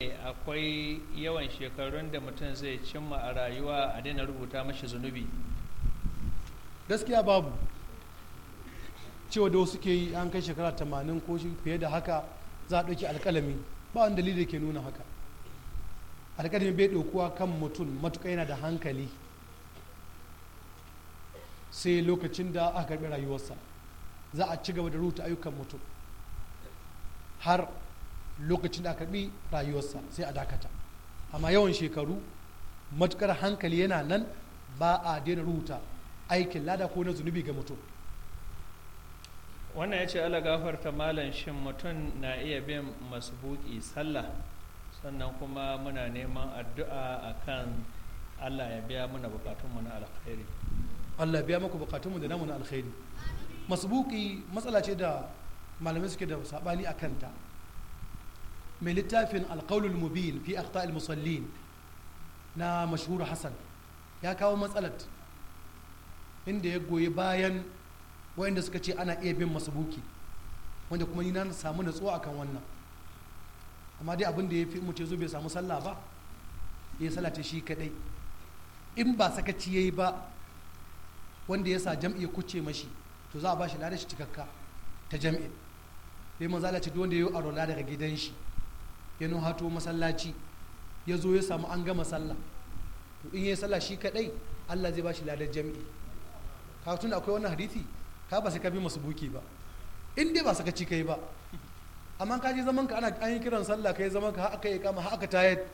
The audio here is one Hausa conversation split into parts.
akwai yawan shekarun da mutum zai cimma a rayuwa a daina rubuta mashi zunubi gaskiya babu cewa da wasu ke yi an kai shekara tamanin ko fiye da haka za a ɗauki alkalami ba wani dalili ke nuna haka Alkalami bai ɗaukuwa kan mutum matuƙa yana da hankali sai lokacin da aka karɓi rayuwarsa za a ci gaba da rubuta ayyukan mutum har lokacin da aka bi rayuwarsa sai a dakata amma yawan shekaru matukar hankali yana nan ba a daina rubuta aikin lada ko na zunubi ga mutum wannan ya ce ala gafarta malam shin mutum na iya bin masbuki sallah sannan kuma muna neman addu'a akan allah ya biya muna bukatunmu na alkhairi allah biya muku bukatunmu da namu na alkhairi masbuki matsala ce da malamai suke da sabani a kanta mai littafin alkaulul mubin fi akhta musallin na mashhur hassan ya kawo matsalat inda ya goyi bayan wayanda suka ce ana iya bin masabuki wanda kuma ni na samu natsuwa akan wannan amma dai abin da ya fi mutu zo bai samu sallah ba ya salata shi kadai in ba sakaci yayi ba wanda ya sa jam'i ya kuce mashi to za a ba shi lada shi cikakka ta jam'i dai manzala ce duk wanda ya yi arola daga gidan shi ya nuhato masallaci ya zo ya samu an gama sallah to in ya sallah shi kadai Allah zai shi ladar jami'i ka tun akwai wannan hadisi ka ba sai ka bi masu buki ba in dai ba saka ci kai ba amma ka je zaman ka ana an yi kiran sallah kai zaman ka har aka yi kama har aka yadda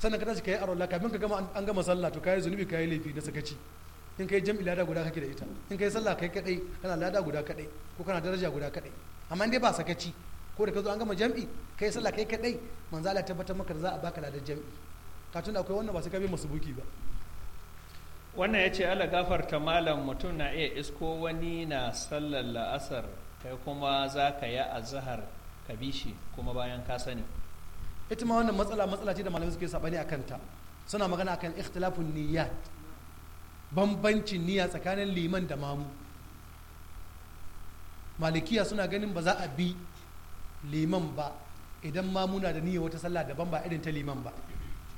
sannan ka tashi kai arola kafin ka gama an gama sallah to kai zunubi kai laifi na sakaci in kai jam'i lada guda kake da ita in kai sallah kai kadai kana lada guda kadai ko kana daraja guda kadai amma in dai ba sakaci ko da ka zo an gama jam'i kai sallah kai kadai manzo Allah tabbatar maka za a baka ladan jam'i ka tunda akwai wannan ba su kabe bi masu buki ba wannan yace ce ala gafarta malam mutum na iya isko wani na sallar la'asar kai kuma za ka yi azahar ka bi shi kuma bayan ka sani ita ma wannan matsala matsala ce da malamai suke sabani a kanta suna magana akan ikhtilafun niyyat bambancin niyya tsakanin liman da mamu malikiya suna ganin ba za a bi liman ba idan ma muna da niyyar wata sallah daban ba irin ta liman ba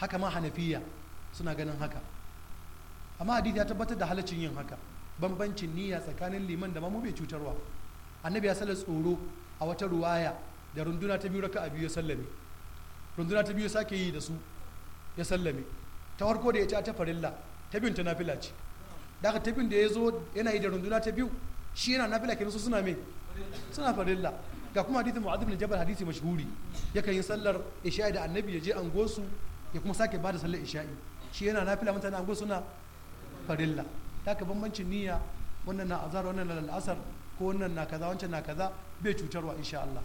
haka ma hanafiya suna ganin haka amma hadith ya tabbatar da halaccin yin haka bambancin niyya tsakanin liman da mamu bai cutarwa annabi ya salla tsoro a wata ruwaya da runduna ta biyu raka a biyu ya sallame runduna ta biyu sake yi da su ya sallame ta farko da ya ci ta farilla ta biyun ta nafila ce daga ta biyun da ya zo yana yi da runduna ta biyu shi yana nafila kenan su suna me suna farilla ga kuma hadithin mu'adh ibn jabal hadisi mashhuri yakan yi sallar isha'i da annabi ya je su ya kuma sake bada sallar isha'i shi yana nafila mutane angosu suna farilla ka bambancin niyya wannan na azar wannan na al'asar ko wannan na kaza wancan na kaza bai cutarwa insha Allah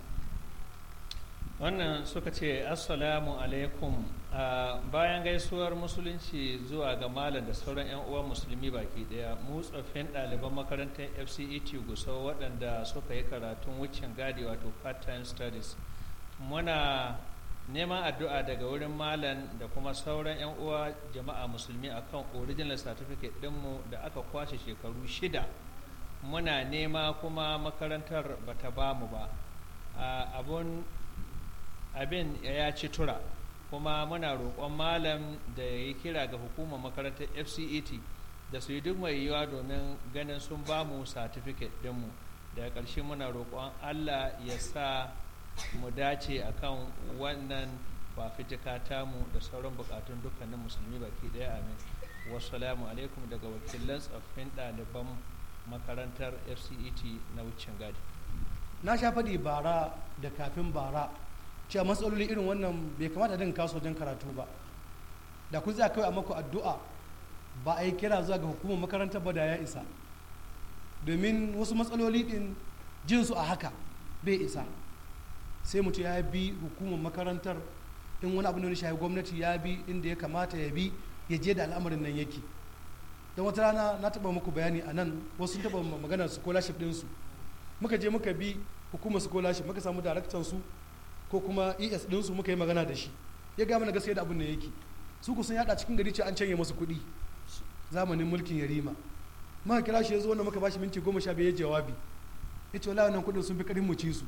wannan suka ce assalamu alaikum bayan gaisuwar musulunci zuwa ga malam da sauran 'yan uwa musulmi baki daya mu tsoffin ɗaliban makarantar fcet gusau waɗanda suka yi karatun wucin gadi wato part-time studies muna neman addu'a daga wurin malam da kuma sauran 'yan uwa jama'a musulmi a akan original certificate ɗinmu da aka kwashe shekaru shida muna nema kuma makarantar bata bamu ba abun abin ya ci tura kuma muna roƙon malam da ya yi kira ga hukumar makarantar fcet da su yi duk mai yiwuwa domin ganin sun ba mu satifiket dinmu Da ƙarshe muna roƙon allah ya sa mu dace akan wannan ta mu da sauran bukatun dukkanin musulmi baki ɗaya amin wassalamu alaikum daga wakilan tsoffin ɗaliban makarantar fcet na wucin gadi na sha faɗi bara da kafin bara cewa matsaloli irin wannan bai kamata din kaso wajen karatu ba da kun za kawai a mako addu'a ba a yi kira zuwa ga hukumar makaranta ba da ya isa domin wasu matsaloli din jinsu a haka bai isa sai mutum ya bi hukumar makarantar in wani abu ne shahi gwamnati ya bi inda ya kamata ya bi ya je da al'amarin nan yake don wata rana na taba muku bayani a nan wasu taba maganar scholarship ɗinsu muka je muka bi hukumar scholarship muka samu daraktan su ko kuma es ɗinsu muka yi magana da shi ya gama na gaskiya da abin da yake su kusan yada cikin gari ce an canye masu kuɗi zamanin mulkin yarima muka kira shi ya zo wanda muka bashi minti goma sha biyar jawabi ya ce wala wannan kuɗin sun fi ƙarin mu ci su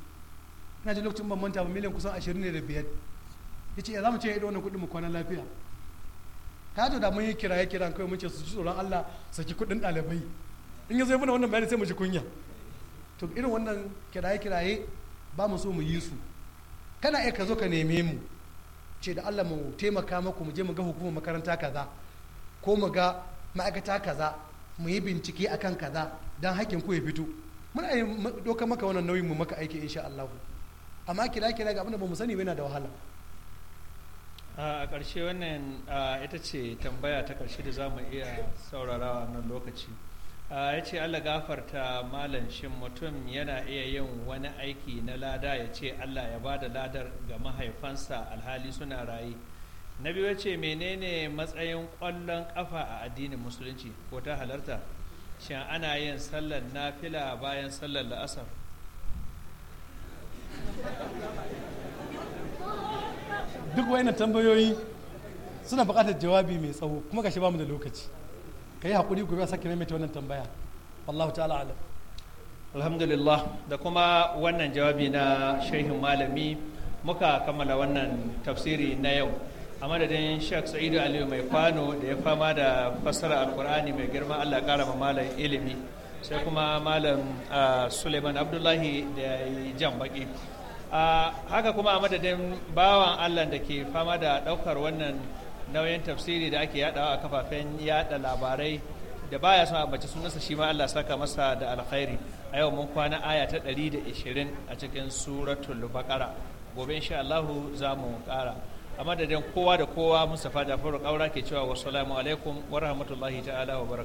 ina ji lokacin ban manta ba miliyan kusan ashirin ne da biyar ya ce ya za mu ce ya wannan kuɗin mu kwana lafiya ta da mun yi kira ya kira kawai mun ce su ji tsoron Allah saki kuɗin ɗalibai in ya zo mana wannan bayani sai mu ji kunya to irin wannan kiraye kiraye ba mu so mu yi su kana iya ka zo ka neme mu ce da Allah mu taimaka maku mu je mu ga hukumar makaranta kaza ko mu ga ma'aikata kaza mu yi bincike akan kaza dan hakkin ku ya fito muna yi doka maka wannan nauyin mu maka aiki insha Allah amma kira kira ga abinda ba mu sani yana da wahala a ƙarshe wannan ita ce tambaya ta ƙarshe da za mu iya saurarawa wannan lokaci Ah, ya ce allah gafarta malam shin mutum yana iya yin wani aiki na lada ya ce allah ya ba da ladar ga mahaifansa alhali suna rayu na biyu ce menene matsayin kwallon kafa a addinin musulunci ko ta halarta shin ana yin sallar nafila bayan sallar la'asar duk wani tambayoyi suna bukatar jawabi mai tsawo kuma ka shi ba mu da lokaci ka yi haƙuri ku sake maimaita wannan tambaya wallahu ta'ala alam alhamdulillah da kuma wannan jawabi na shehin malami muka kammala wannan tafsiri na yau a madadin shek sa'idu aliyu mai kwano da ya fama da fassara alkur'ani mai girma allah kara ma malam ilimi sai kuma malam ah, suleiman abdullahi da ya yi jan baki ah, haka kuma a madadin bawan allah da ke fama da ɗaukar wannan nauyin tafsiri da ake yadawa a kafafen yada labarai da baya son sun sunansa shi ma Allah saka masa da alkhairi a yau mun kwana aya ta 120 a cikin suratul baqara gobe insha Allah za mu kara a madadin kowa da kowa Mustafa Jafaru Kaura ke cewa wassalamu alaikum wa rahmatullahi ta'ala wa